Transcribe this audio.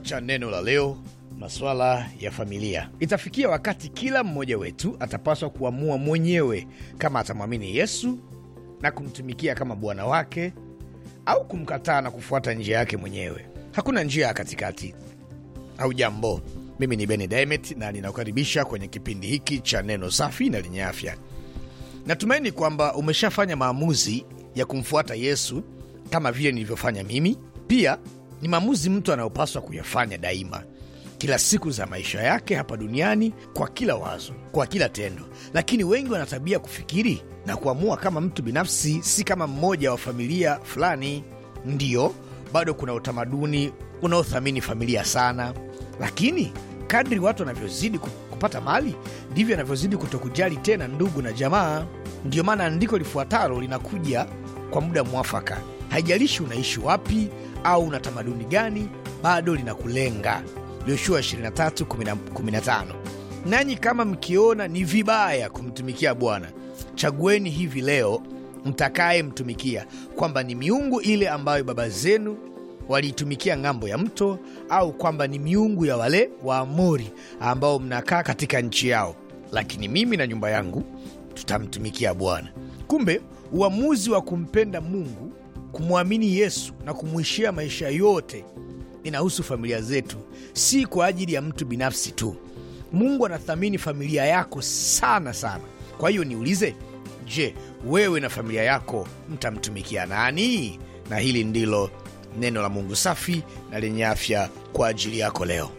Kichwa cha neno la leo Masuala ya familia. Itafikia wakati kila mmoja wetu atapaswa kuamua mwenyewe kama atamwamini Yesu na kumtumikia kama Bwana wake au kumkataa na kufuata njia yake mwenyewe. Hakuna njia ya katikati. Au jambo, mimi ni Beni dimet na ninakukaribisha kwenye kipindi hiki cha neno safi na lenye afya. Natumaini kwamba umeshafanya maamuzi ya kumfuata Yesu kama vile nilivyofanya mimi. Pia ni maamuzi mtu anayopaswa kuyafanya daima kila siku za maisha yake hapa duniani, kwa kila wazo, kwa kila tendo. Lakini wengi wana tabia kufikiri na kuamua kama mtu binafsi, si kama mmoja wa familia fulani. Ndiyo, bado kuna utamaduni unaothamini familia sana, lakini kadri watu wanavyozidi kupata mali ndivyo anavyozidi kutokujali tena ndugu na jamaa. Ndiyo maana andiko lifuatalo linakuja kwa muda mwafaka haijalishi unaishi wapi au una tamaduni gani, bado linakulenga. Yoshua 23:15. Nanyi kama mkiona ni vibaya kumtumikia Bwana, chagueni hivi leo mtakayemtumikia, kwamba ni miungu ile ambayo baba zenu waliitumikia ng'ambo ya mto, au kwamba ni miungu ya wale Waamori ambao mnakaa katika nchi yao, lakini mimi na nyumba yangu tutamtumikia Bwana. Kumbe uamuzi wa kumpenda Mungu kumwamini Yesu na kumwishia maisha yote inahusu familia zetu, si kwa ajili ya mtu binafsi tu. Mungu anathamini familia yako sana sana. Kwa hiyo niulize, je, wewe na familia yako mtamtumikia nani? Na hili ndilo neno la Mungu safi na lenye afya kwa ajili yako leo.